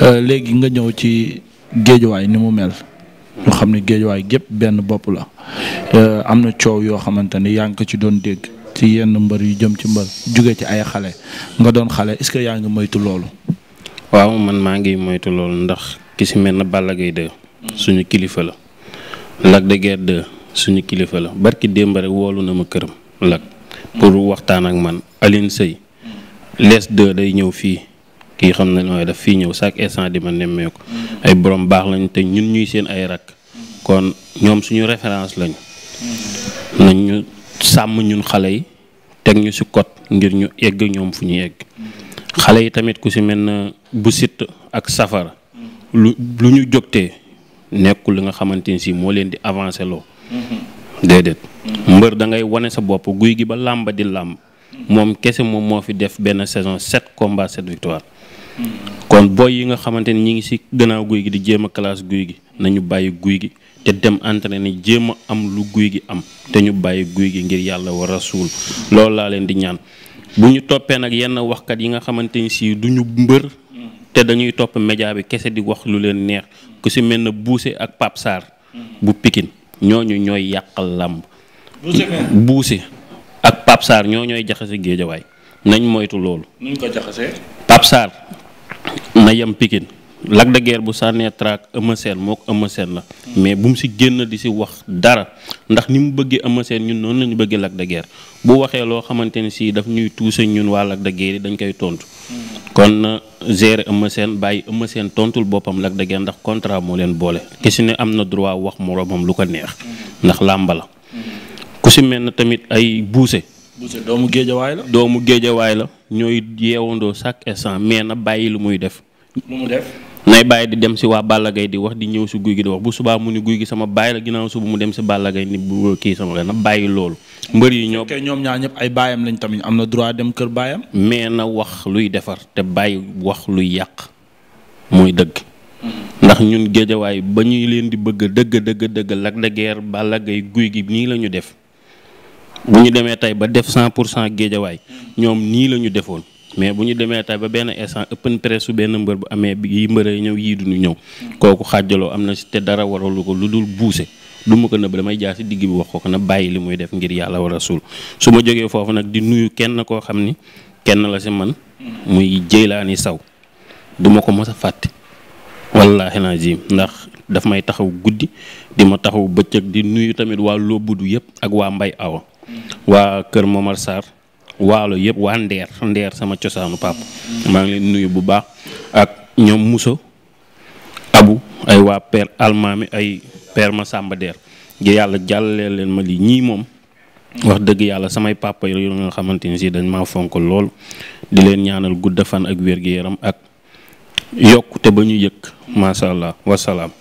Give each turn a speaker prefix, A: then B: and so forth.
A: Euh, léegi nga ñëw ci géejuwaay ni mu mel. ñu xam ne géejuwaay gépp benn bopp la euh, am na coow yoo xamante ne yaa ngi ko ci doon dégg ci yenn mbër yu jëm ci mbër jóge ci ay xale nga doon xale est-ce que yaa ngi moytu loolu. waaw man maa ngi moytu loolu ndax ki si mel na Balla Gaye suñu kilifa la. Lac de Guiers 2 suñu kilifa la barki démb woolu na ma këram Lac pour waxtaan ak man alin Seye les deux day ñëw fii. kii xam na daf fii ñëw chaque instant di ma nemmeeku. ay borom baax lañ te ñun ñuy seen ay rakk. kon ñoom suñu référence lañ. nañ ñu sàmm ñun xale yi teg ñu si code ngir ñu egg ñoom fu ñu egg. xale yi tamit ku si mel na bu sitt ak safara. lu ñu jogtee nekkul li nga xamante ni si moo leen di avancé loo. déedéet. mbër da ngay wane sa bopp guy gi ba làmba di làmb. moom kese moom moo fi def benn saison sept combats sept victoire. kon booy yi nga xamante ni ñi ngi si gannaaw guy gi di jéema a guy gi nañu bàyyi guy gi te dem entraîné jéem a am lu guy gi am te ñu bàyyi guy gi ngir yàlla war a suul loolu laa leen di ñaan bu ñu toppee nag yenn waxkat yi nga xamante ni si du mbër te dañuy topp média bi kese di wax lu leen neex ku si mel na buuse ak papsaar Sarr bu Pikine ñooñu ñooy yàqal làmb buuse ak Pape ñoo ñooy jaxase géejawaay nañ moytu loolu nuñ na yem Pikine Lac bu sànnee traak Eumeu Sène moo ko Eumeu la mais bu mu si génn di si wax dara ndax ni mu bëggee Eumeu Sène ñun noonu la ñu bëggee Lac de bu waxee loo xamante ni si daf ñuy tuuse ñun waa Lac de dañ koy tontu kon gérer Eumeu Sène bàyyi Eumeu Sène tontul boppam Lac de ndax contrat moo leen boole ki si ne am na droit wax moroomam lu ko neex ndax làmba ku si mel tamit ay buuse Boucher doomu géejawaay la. doomu géejawaay la ñooy yeewandoo chaque instant mais na bàyyi lu muy def. mu def. nay bàyyi di dem si waa Balla di wax di ñëw si guy gi di wax bu subaa mu ni guy gi sama bàyyi la ginnaaw suba mu dem si Balla Gaye ni bu kii sama na bàyyi loolu. mbër yi ñoo kay ñoom ñaar ñëpp ay baayam lañ tamit am na droit dem kër baayam. mais na wax luy defar te bàyyi wax luy yàq mooy dëgg. ndax ñun géejawaay ba ñuy leen di bëgg dëgg dëgg dëgg Lac de Guiers Balla guy gi nii la ñu def. bu ñu demee tey ba def cent pour cent géejawaay ñoom nii la ñu defoon mais bu ñu demee tey ba benn instant ëppan presse su benn mbër bu amee yi mbër yi ñëw yii duñu ñëw kooku xaajaloo am na si te dara waralu ko lu dul buuse du ma ko nëbb damay jaar si digg bi wax ko ko na bàyyi li muy def ngir yàlla war suul su ma jógee foofu nag di nuyu kenn koo xam ni kenn la si man muy Jeylaani Saw duma ko mos a fàtte wallaahi lazim ndax daf may taxaw guddi di taxaw bëccëg di nuyu tamit waa Lobbudu yëpp ak waa Mbay Awa waa Kër Momar Sarr waalo yëpp waa Ndeer Ndeer sama cosaanu papa maa ngi leen nuyu bu baax ak ñoom Moussa Abu ay waa père almaami ay per ma Massamba Der gi yàlla jàllee leen ma li ñii moom wax dëgg yàlla samay papa yu nga xamante ni sii dañ maa fonk lool di leen ñaanal gudda fan ak wér-gu-yaram ak yokkute ba ñu yëg macha allah wasalaam.